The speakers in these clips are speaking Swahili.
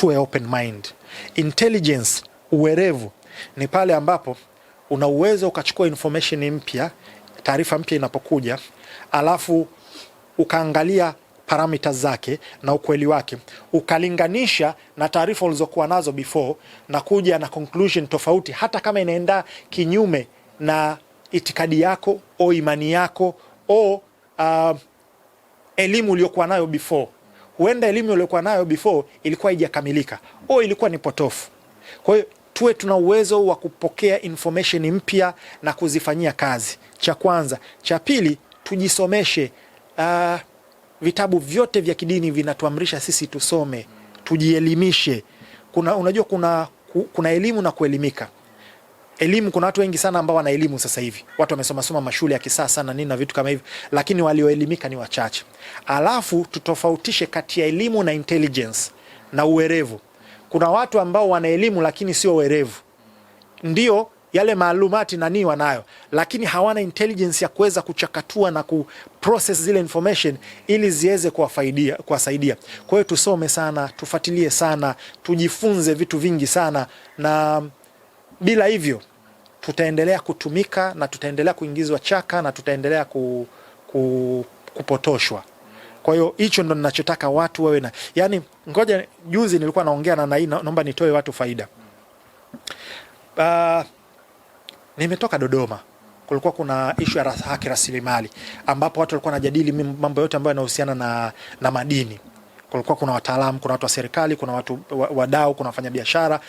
tuwe open mind. Intelligence, uwerevu ni pale ambapo una uwezo ukachukua information mpya, taarifa mpya inapokuja, alafu ukaangalia parameters zake na ukweli wake ukalinganisha na taarifa ulizokuwa nazo before na kuja na conclusion tofauti, hata kama inaenda kinyume na itikadi yako au imani yako au uh, elimu uliyokuwa nayo before huenda elimu iliyokuwa nayo before ilikuwa haijakamilika au ilikuwa ni potofu. Kwa hiyo tuwe tuna uwezo wa kupokea information mpya na kuzifanyia kazi, cha kwanza. Cha pili, tujisomeshe. Uh, vitabu vyote vya kidini vinatuamrisha sisi tusome, tujielimishe. Kuna, unajua kuna, kuna elimu na kuelimika elimu kuna watu wengi sana ambao wana elimu sasa hivi, watu wamesoma soma mashule ya kisasa na nini na vitu kama hivi, lakini walioelimika ni wachache. Alafu tutofautishe kati ya elimu na intelligence na uwerevu. Kuna watu ambao wana elimu lakini sio werevu, ndio yale maalumati na nini wanayo, lakini hawana intelligence ya kuweza kuchakatua na kuprocess zile information ili ziweze kuwafaidia kuwasaidia. Kwa hiyo tusome sana, tufuatilie sana, tujifunze vitu vingi sana na bila hivyo tutaendelea kutumika na tutaendelea kuingizwa chaka na tutaendelea ku, ku, kupotoshwa. Kwa hiyo hicho ndo ninachotaka watu wawe na yani, ngoja juzi nilikuwa naongea na nai, naomba nitoe watu faida. Uh, nimetoka Dodoma, kulikuwa kuna ishu ya haki rasilimali ambapo watu walikuwa wanajadili mambo yote ambayo yanahusiana na, na madini. Kulikuwa kuna wataalamu, kuna watu wa serikali, kuna watu wadau, kuna wafanyabiashara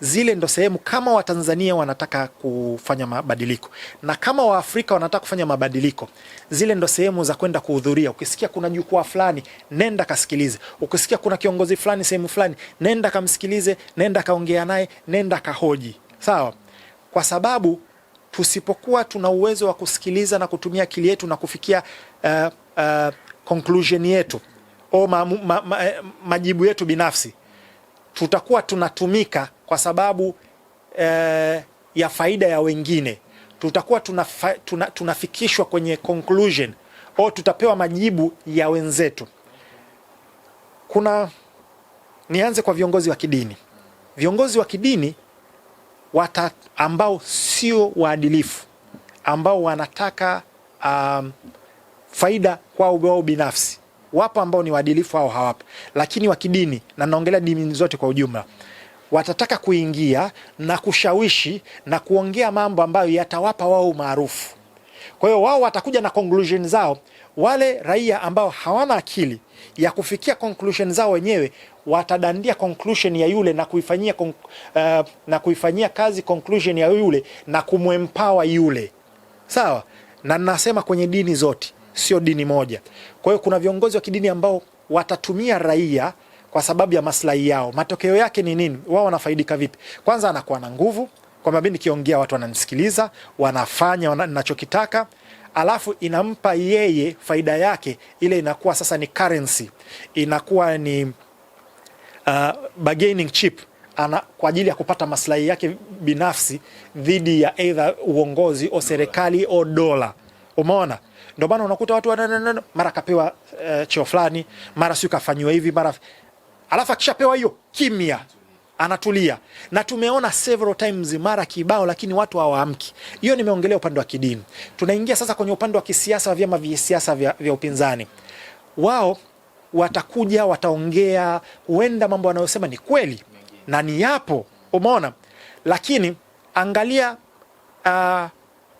zile ndo sehemu kama Watanzania wanataka kufanya mabadiliko na kama Waafrika wanataka kufanya mabadiliko, zile ndo sehemu za kwenda kuhudhuria. Ukisikia kuna jukwaa fulani, nenda kasikilize. Ukisikia kuna kiongozi fulani sehemu fulani, nenda kamsikilize, nenda kaongea naye, nenda kahoji, sawa? Kwa sababu tusipokuwa tuna uwezo wa kusikiliza na kutumia akili yetu na kufikia uh, uh, conclusion yetu o ma, ma, ma, eh, majibu yetu binafsi tutakuwa tunatumika kwa sababu eh, ya faida ya wengine, tutakuwa tunafa, tuna, tunafikishwa kwenye conclusion au tutapewa majibu ya wenzetu. Kuna nianze kwa viongozi wa kidini. Viongozi wa kidini wata, ambao sio waadilifu, ambao wanataka um, faida kwa wao binafsi wapo ambao ni waadilifu au hawapo, lakini wa kidini, na naongelea dini zote kwa ujumla, watataka kuingia na kushawishi na kuongea mambo ambayo yatawapa wao maarufu. Kwa hiyo wao watakuja na conclusion zao. Wale raia ambao hawana akili ya kufikia conclusion zao wenyewe watadandia conclusion ya yule na kuifanyia, uh, na kuifanyia kazi conclusion ya yule na kumwempower yule, sawa. Na nasema kwenye dini zote sio dini moja. Kwa hiyo kuna viongozi wa kidini ambao watatumia raia kwa sababu ya maslahi yao. Matokeo yake ni nini? Wao wanafaidika vipi? Kwanza anakuwa na nguvu kwamba mimi nikiongea watu wananisikiliza, wanafanya ninachokitaka, alafu inampa yeye faida yake ile, inakuwa sasa ni currency, inakuwa ni uh, bargaining chip ana, kwa ajili ya kupata maslahi yake binafsi dhidi ya either uongozi au serikali au dola. Umeona, ndio maana unakuta watu wanana mara kapewa uh, eh, cheo fulani, mara sio kafanyiwa hivi, mara alafu akishapewa hiyo kimya anatulia, na tumeona several times mara kibao, lakini watu hawaamki. Hiyo nimeongelea upande wa kidini. Tunaingia sasa kwenye upande wa kisiasa wa vyama vya siasa vya, vya upinzani. Wao watakuja wataongea, huenda mambo wanayosema ni kweli na ni yapo, umeona, lakini angalia uh,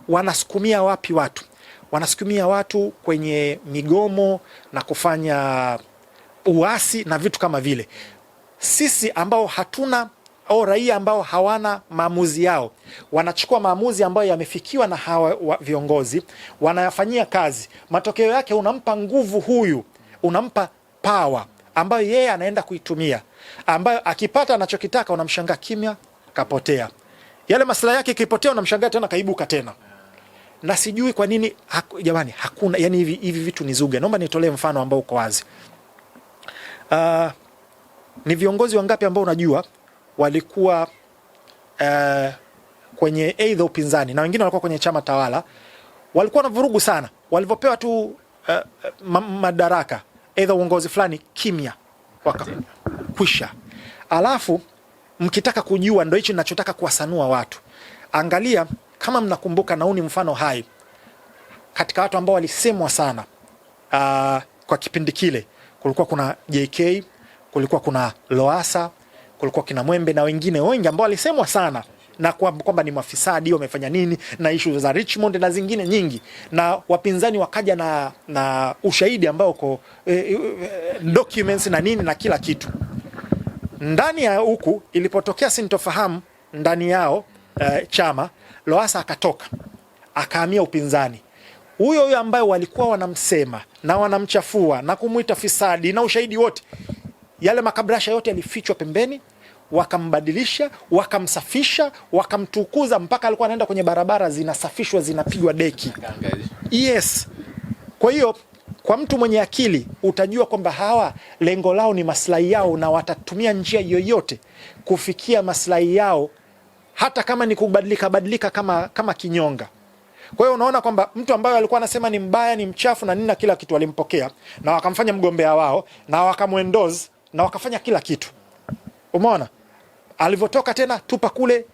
wanasukumia wapi watu wanasukumia watu kwenye migomo na kufanya uasi na vitu kama vile. Sisi ambao hatuna au raia ambao hawana maamuzi yao, wanachukua maamuzi ambayo yamefikiwa na hawa wa viongozi, wanayafanyia kazi. Matokeo yake unampa nguvu huyu, unampa pawa ambayo yeye anaenda kuitumia, ambayo akipata anachokitaka unamshangaa kimya, kapotea. Yale masilahi yake ikipotea, unamshangaa tena kaibuka tena na sijui kwa nini haku, jamani hakuna yani hivi, hivi vitu ni zuga. Naomba nitolee mfano ambao uko wazi. Uh, ni viongozi wangapi ambao unajua walikuwa uh, kwenye aidha upinzani na wengine walikuwa kwenye chama tawala, walikuwa na vurugu sana walivyopewa tu uh, madaraka aidha uongozi fulani, kimya wakakwisha. Alafu mkitaka kujua, ndo hichi ninachotaka kuwasanua watu, angalia kama mnakumbuka, na huu ni mfano hai katika watu ambao walisemwa sana uh, kwa kipindi kile kulikuwa kuna JK, kulikuwa kuna Loasa, kulikuwa kina Mwembe na wengine wengi ambao walisemwa sana na kwamba kwa ni mafisadi wamefanya nini na ishu za Richmond na zingine nyingi, na wapinzani wakaja na, na ushahidi ambao uko eh, eh, documents na nini na kila kitu ndani ya huku ilipotokea sintofahamu ndani yao eh, chama Lowassa akatoka akahamia upinzani, huyo huyo ambaye walikuwa wanamsema na wanamchafua na kumwita fisadi na ushahidi wote, yale makabrasha yote yalifichwa pembeni, wakambadilisha wakamsafisha, wakamtukuza mpaka alikuwa anaenda kwenye barabara zinasafishwa, zinapigwa deki. Yes, kwa hiyo kwa mtu mwenye akili utajua kwamba hawa lengo lao ni maslahi yao, na watatumia njia yoyote kufikia maslahi yao hata kama ni kubadilika badilika kama, kama kinyonga. Kwa hiyo unaona kwamba mtu ambaye alikuwa anasema ni mbaya ni mchafu na nini na kila kitu alimpokea na wakamfanya mgombea wao na wakamwendoze na wakafanya kila kitu. Umeona alivyotoka tena tupa kule.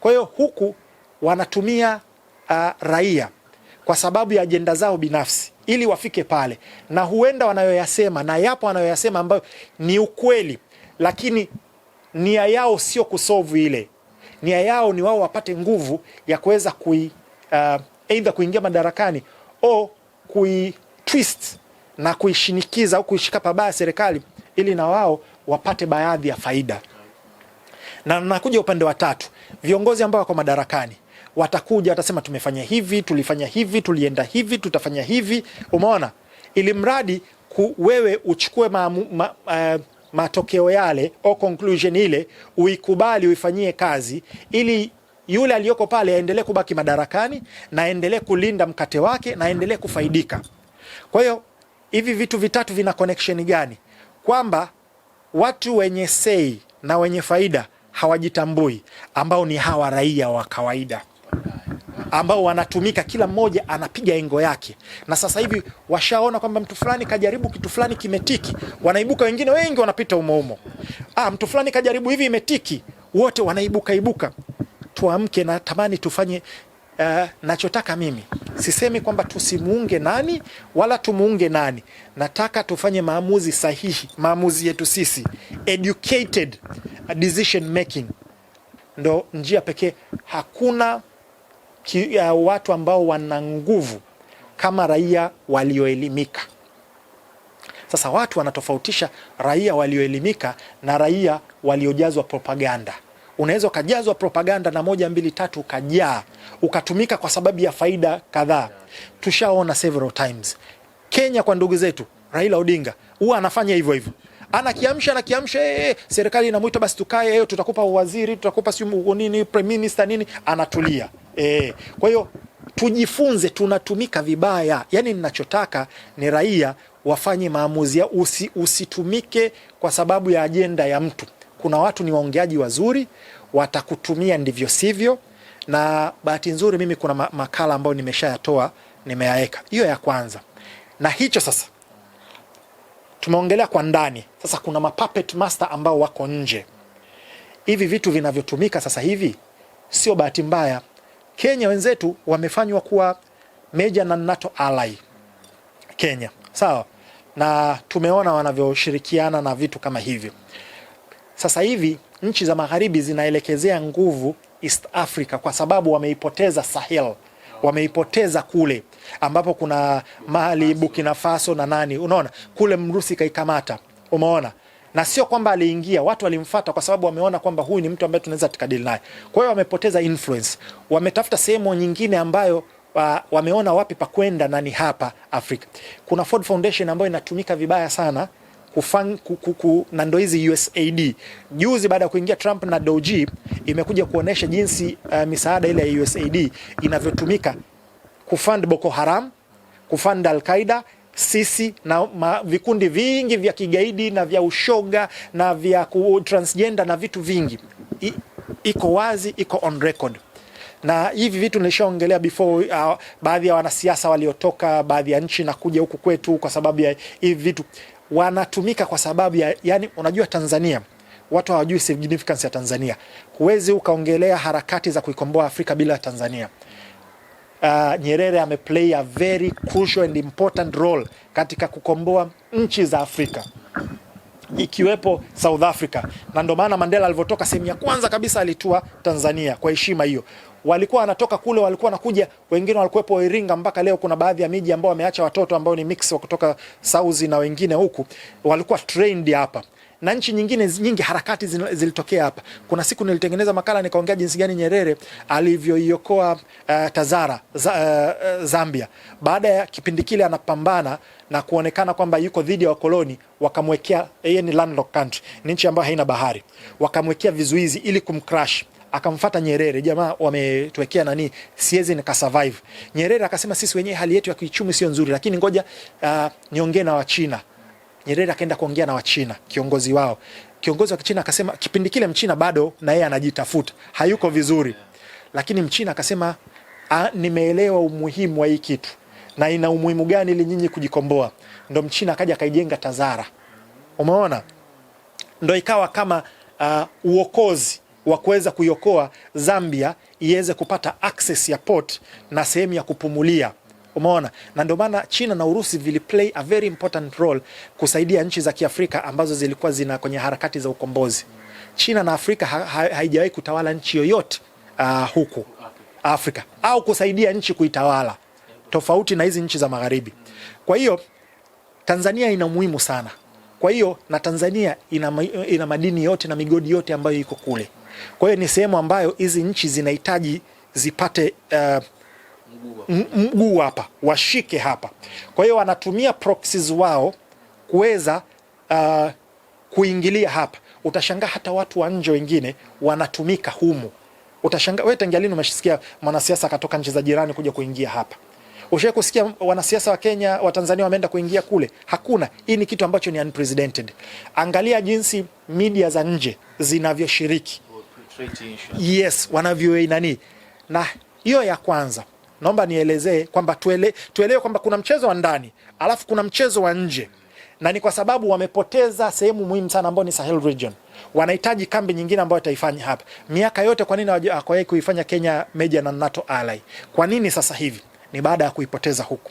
Kwa hiyo huku wanatumia uh, raia kwa sababu ya ajenda zao binafsi ili wafike pale, na huenda wanayoyasema na yapo wanayoyasema ambayo ni ukweli, lakini nia yao sio kusovu ile nia yao ni wao wapate nguvu ya kuweza kui uh, kuingia madarakani au kui twist na kuishinikiza au kuishika pabaya serikali ili na wao wapate baadhi ya faida. Na nakuja upande wa tatu, viongozi ambao wako madarakani watakuja watasema, tumefanya hivi, tulifanya hivi, tulienda hivi, tutafanya hivi. Umeona, ili mradi wewe uchukue maamu, ma, uh, matokeo yale au conclusion ile uikubali, uifanyie kazi ili yule aliyoko pale aendelee kubaki madarakani na aendelee kulinda mkate wake na aendelee kufaidika. Kwa hiyo hivi vitu vitatu vina connection gani? Kwamba watu wenye sei na wenye faida hawajitambui, ambao ni hawa raia wa kawaida ambao wanatumika, kila mmoja anapiga engo yake, na sasa hivi washaona kwamba mtu fulani kajaribu kitu fulani kimetiki, wanaibuka wengine wengi wanapita umo umo. Ah, mtu fulani kajaribu hivi imetiki, wote wanaibuka ibuka. Tuamke na tamani tufanye Uh, nachotaka mimi sisemi kwamba tusimuunge nani wala tumuunge nani. Nataka tufanye maamuzi sahihi, maamuzi yetu sisi, educated decision making ndo njia pekee. Hakuna ki, ya watu ambao wana nguvu kama raia walioelimika. Sasa watu wanatofautisha raia walioelimika na raia waliojazwa propaganda. Unaweza ukajazwa propaganda na moja mbili tatu ukajaa ukatumika kwa sababu ya faida kadhaa. Tushaona several times Kenya kwa ndugu zetu, Raila Odinga huwa anafanya hivyo hivyo anakiamsha anakiamsha, ee, serikali inamwita basi, tukae, eh, tutakupa uwaziri, tutakupa siu nini, prime minister nini, anatulia. Eh, kwa hiyo tujifunze, tunatumika vibaya. Yaani ninachotaka ni raia wafanye maamuzi usi, usitumike kwa sababu ya ajenda ya mtu. Kuna watu ni waongeaji wazuri, watakutumia ndivyo sivyo, na bahati nzuri mimi kuna makala ambayo nimeshayatoa nimeyaweka. Hiyo ya kwanza, na hicho sasa tumeongelea kwa ndani. Sasa kuna mapuppet master ambao wako nje. Hivi vitu vinavyotumika sasa hivi sio bahati mbaya. Kenya wenzetu wamefanywa kuwa major na NATO ally Kenya, sawa, na tumeona wanavyoshirikiana na vitu kama hivyo. Sasa hivi nchi za magharibi zinaelekezea nguvu East Africa kwa sababu wameipoteza Sahel, wameipoteza kule ambapo kuna Mali, Burkina Faso na nani, unaona kule Mrusi kaikamata, umeona na sio kwamba aliingia, watu walimfuata kwa sababu wameona kwamba huyu ni mtu ambaye tunaweza tukadili naye. Kwa hiyo wamepoteza influence, wametafuta sehemu nyingine ambayo wa, uh, wameona wapi pa kwenda na ni hapa Afrika. Kuna Ford Foundation ambayo inatumika vibaya sana kufan, kuku, na ndo hizi USAID. Juzi baada ya kuingia Trump na Doji imekuja kuonesha jinsi uh, misaada ile ya USAID inavyotumika kufund Boko Haram, kufund Al-Qaeda sisi na ma, vikundi vingi vya kigaidi na vya ushoga na vya transgender na vitu vingi I, iko wazi, iko on record na hivi vitu nilishaongelea before uh, baadhi ya wanasiasa waliotoka baadhi ya nchi na kuja huku kwetu kwa sababu ya hivi vitu wanatumika kwa sababu ya, yani, unajua Tanzania watu hawajui significance ya Tanzania. Huwezi ukaongelea harakati za kuikomboa Afrika bila Tanzania uh, Nyerere ameplay a very crucial and important role katika kukomboa nchi za Afrika ikiwepo South Africa, na ndio maana Mandela alivyotoka sehemu ya kwanza kabisa alitua Tanzania kwa heshima hiyo walikuwa wanatoka kule, walikuwa wanakuja, wengine walikuwepo Iringa mpaka leo. Kuna baadhi ya miji ambao wameacha watoto ambao ni mix wa kutoka Saudi na wengine huku, walikuwa trained hapa na nchi nyingine nyingi harakati zilitokea hapa. Kuna siku nilitengeneza makala nikaongea jinsi gani Nyerere alivyoiokoa uh, eh, Tazara za, uh, Zambia. Baada ya kipindi kile anapambana na kuonekana kwamba yuko dhidi ya wakoloni, wakamwekea yeye ni landlocked country, ni nchi ambayo haina bahari, wakamwekea vizuizi ili kumcrash akamfata Nyerere, jamaa wametuwekea nani, siwezi survive. Nyerere akasema sisi wenyewe hali yetu ya kiuchumi sio nzuri, lakini ngoja uh, niongee na Wachina. Nyerere akaenda kuongea na Wachina, kiongozi wao, kiongozi wa Kichina akasema, kipindi kile Mchina bado na yeye anajitafuta, hayuko vizuri, lakini Mchina akasema, nimeelewa umuhimu wa hii kitu na ina umuhimu gani ili nyinyi kujikomboa. Ndo Mchina akaja akaijenga Tazara, umeona, ndo ikawa kama uh, uokozi wa kuweza kuiokoa Zambia iweze kupata access ya port na sehemu ya kupumulia. Umeona, na ndio maana China na Urusi vili play a very important role kusaidia nchi za Kiafrika ambazo zilikuwa zina kwenye harakati za ukombozi. China na Afrika ha ha haijawahi kutawala nchi yoyote uh, huku Afrika au kusaidia nchi kuitawala tofauti na hizi nchi za magharibi. Kwa hiyo Tanzania ina muhimu sana. Kwa hiyo na Tanzania ina, ina madini yote na migodi yote ambayo iko kule. Kwa hiyo ni sehemu ambayo hizi nchi zinahitaji zipate uh, mguu hapa, washike hapa. Kwa hiyo wanatumia proxies wao kuweza uh, kuingilia hapa. Utashangaa hata watu wa nje wengine wanatumika humu. Utashangaa wewe, tangia lini umeshasikia mwanasiasa akatoka nchi za jirani kuja kuingia hapa? Ushawahi kusikia wanasiasa wa Kenya wa Tanzania wameenda kuingia kule? Hakuna. Hii ni kitu ambacho ni unprecedented. Angalia jinsi media za nje zinavyoshiriki. Yes, wanavyo nani na hiyo ya kwanza naomba nielezee kwamba tuele, tuelewe kwamba kuna mchezo wa ndani alafu kuna mchezo wa nje, na ni kwa sababu wamepoteza sehemu muhimu sana ambayo ni Sahel region. Wanahitaji kambi nyingine ambayo wataifanya hapa. Miaka yote kwa nini hawakuwahi kuifanya Kenya meja na NATO ally? Kwa nini sasa hivi? Ni baada ya kuipoteza huku.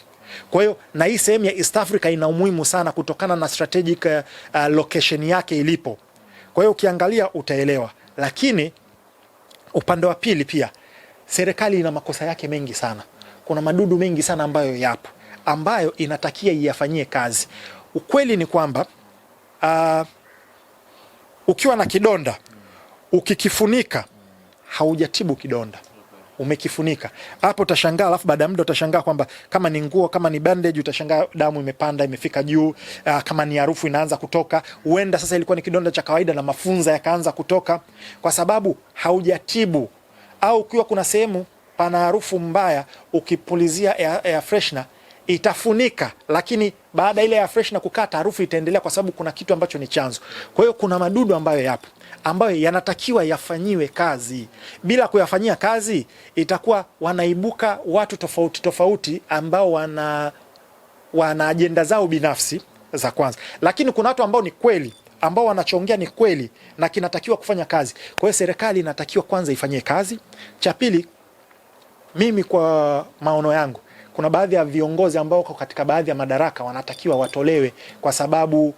Kwa hiyo na hii sehemu ya East Africa ina umuhimu sana kutokana na strategic uh, location yake ilipo. Kwa hiyo ukiangalia utaelewa. Lakini upande wa pili pia serikali ina makosa yake mengi sana. Kuna madudu mengi sana ambayo yapo ambayo inatakia iyafanyie kazi. Ukweli ni kwamba uh, ukiwa na kidonda ukikifunika haujatibu kidonda umekifunika hapo, utashangaa. Alafu baada ya muda utashangaa kwamba kama ni nguo, kama ni bandage, utashangaa damu imepanda imefika juu. Uh, kama ni harufu inaanza kutoka, huenda sasa ilikuwa ni kidonda cha kawaida na mafunza yakaanza kutoka, kwa sababu haujatibu. Au ukiwa kuna sehemu pana harufu mbaya, ukipulizia air, air freshener itafunika, lakini baada ile ya fresh na kukata, harufu itaendelea, kwa sababu kuna kitu ambacho ni chanzo. Kwa hiyo kuna madudu ambayo yapo ambayo yanatakiwa yafanyiwe kazi. Bila kuyafanyia kazi, itakuwa wanaibuka watu tofauti tofauti ambao wana wana ajenda zao binafsi za kwanza, lakini kuna watu ambao ni kweli ambao wanachongea ni kweli na kinatakiwa kufanya kazi. Kwa hiyo serikali inatakiwa kwanza ifanyie kazi. Cha pili, mimi kwa maono yangu kuna baadhi ya viongozi ambao wako katika baadhi ya madaraka wanatakiwa watolewe kwa sababu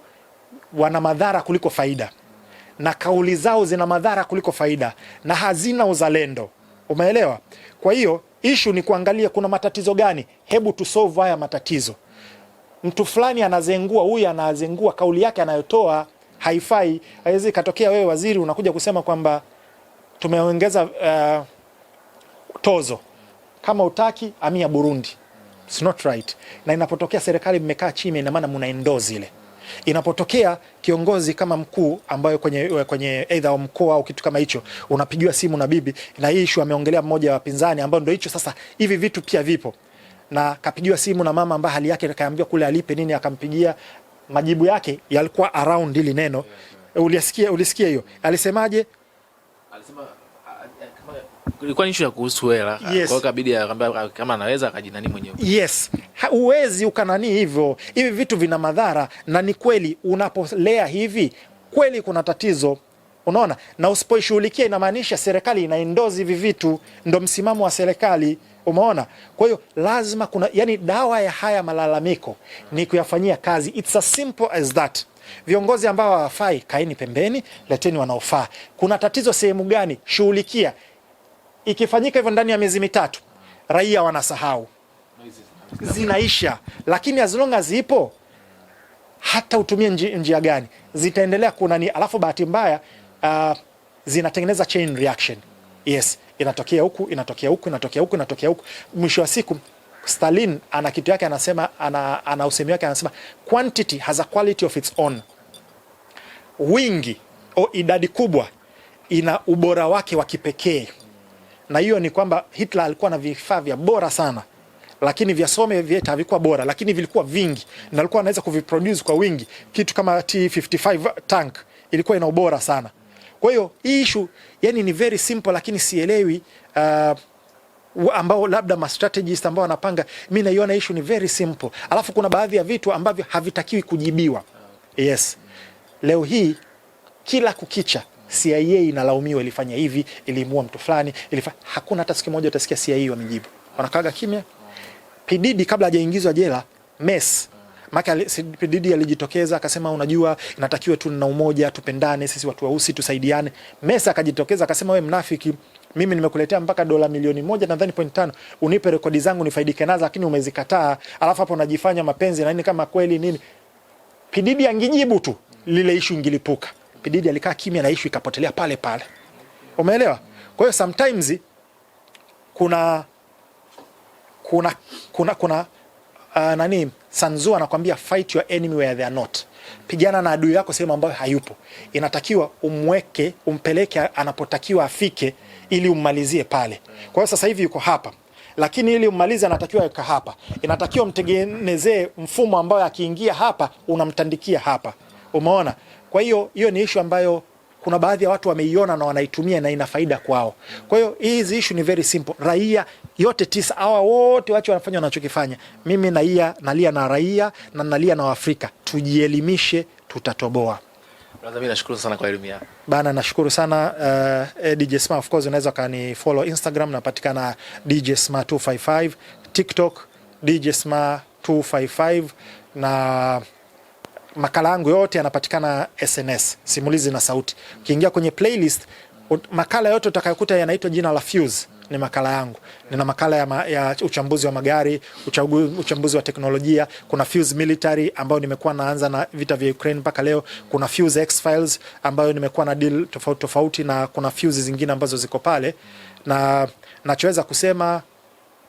wana madhara kuliko faida, na kauli zao zina madhara kuliko faida na hazina uzalendo. Umeelewa? Kwa hiyo ishu ni kuangalia kuna matatizo gani, hebu tusolve haya matatizo. Mtu fulani anazengua, huyu anazengua, kauli yake anayotoa haifai. Haiwezi katokea wewe waziri unakuja kusema kwamba tumeongeza uh, tozo kama utaki amia Burundi. It's not right. Na inapotokea serikali mmekaa chini, ina maana mna endorse ile inapotokea kiongozi kama mkuu ambayo kwenye kwenye aidha wa mkoa au kitu kama hicho, unapigiwa simu na bibi, na hii issue ameongelea mmoja wa wapinzani ambao ndio hicho sasa. Hivi vitu pia vipo, na kapigiwa simu na mama ambaye hali yake akaambiwa kule alipe nini, akampigia majibu yake yalikuwa around hili neno. Ulisikia, ulisikia hiyo alisemaje? Alisema ilikuwa ni ya kuhusu hela. Kwa kabidi akamwambia kama anaweza akajinani mwenyewe. Yes. Huwezi ukanani hivyo. Hivi vitu vina madhara na ni kweli unapolea hivi kweli kuna tatizo. Unaona? Na usipoishughulikia inamaanisha serikali inaendozi hivi vitu, ndo msimamo wa serikali. Umeona? Kwa hiyo lazima kuna yani, dawa ya haya malalamiko ni kuyafanyia kazi. It's as simple as that. Viongozi ambao hawafai, kaeni pembeni, leteni wanaofaa. Kuna tatizo sehemu gani? Shughulikia. Ikifanyika hivyo ndani ya miezi mitatu, raia wanasahau, zinaisha. Lakini as long as zipo, hata utumie njia gani, zitaendelea kunani. Alafu bahati mbaya uh, zinatengeneza chain reaction. Yes, inatokea huku inatokea huku inatokea huku inatokea huku, mwisho wa siku Stalin ana kitu yake anasema, ana, ana usemi wake anasema quantity has a quality of its own. Wingi au idadi kubwa ina ubora wake wa kipekee na hiyo ni kwamba Hitler alikuwa na vifaa vya bora sana, lakini vya some havikuwa bora, lakini vilikuwa vingi na alikuwa anaweza kuviproduce kwa wingi. Kitu kama T55 tank ilikuwa ina ubora sana. Kwa hiyo hii issue yani ni very simple, lakini sielewi uh, ambao labda ma strategist ambao wanapanga, mi naiona issue ni very simple, alafu kuna baadhi ya vitu ambavyo havitakiwi kujibiwa. Yes, leo hii kila kukicha CIA inalaumiwa, ilifanya hivi, ilimuua mtu fulani, ilifanya... hakuna hata siku moja utasikia CIA wamejibu, wanakaga kimya. PDD kabla hajaingizwa jela mes maka Pididi alijitokeza akasema, unajua inatakiwa tu na umoja, tupendane sisi watu weusi, tusaidiane. Mesa akajitokeza akasema, we mnafiki, mimi nimekuletea mpaka dola milioni moja nadhani point tano, unipe rekodi zangu nifaidike nazo, lakini umezikataa. Alafu hapo unajifanya mapenzi na nini kama kweli nini. PDD angejibu tu, lile ishu ingilipuka. Pididi alikaa kimya na ishu ikapotelea pale pale, umeelewa? Kwa hiyo sometimes kuna kuna kuna kuna uh, nani Sanzu anakwambia fight your enemy where they are not, pigana na adui yako sehemu ambayo hayupo. Inatakiwa umweke umpeleke anapotakiwa afike ili ummalizie pale. Kwa hiyo sasa hivi yuko hapa lakini ili ummalize anatakiwa yuko hapa. Inatakiwa mtengenezee mfumo ambayo akiingia hapa unamtandikia hapa, umeona? Kwa hiyo hiyo ni ishu ambayo kuna baadhi ya watu wameiona na wanaitumia na ina faida kwao. Kwa hiyo hizi issue ni very simple. Raia yote tisa hawa wote wache wanafanya wanachokifanya. Mimi naia nalia na raia na nalia na Waafrika, tujielimishe, tutatoboa. Brother, nashukuru sana kwa elimu yako. Bana, nashukuru sana uh, eh, eh, DJ Sma, of course unaweza kani follow Instagram, napatikana DJ Sma 255, TikTok DJ Sma 255 na makala yangu yote yanapatikana SNS, Simulizi na Sauti. Ukiingia kwenye playlist, makala yote utakayokuta yanaitwa jina la Fuse ni makala yangu. Nina makala ya, ma, ya uchambuzi wa magari, uchambuzi wa teknolojia. Kuna Fuse Military ambayo nimekuwa naanza na vita vya Ukraine mpaka leo. Kuna Fuse X Files ambayo nimekuwa na deal tofauti tofauti, na kuna Fuse zingine ambazo ziko pale, na nachoweza kusema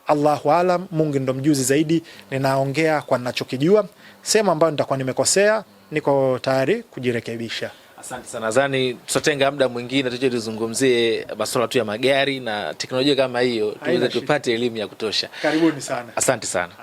Allahu alam, Mungu ndo mjuzi zaidi. Ninaongea kwa ninachokijua, sehemu ambayo nitakuwa nimekosea niko tayari kujirekebisha. Asante sana, nadhani tutatenga muda mwingine tuje tuzungumzie masuala tu ya magari na teknolojia kama hiyo, tuweze tupate elimu ya kutosha. Karibuni sana, asante sana.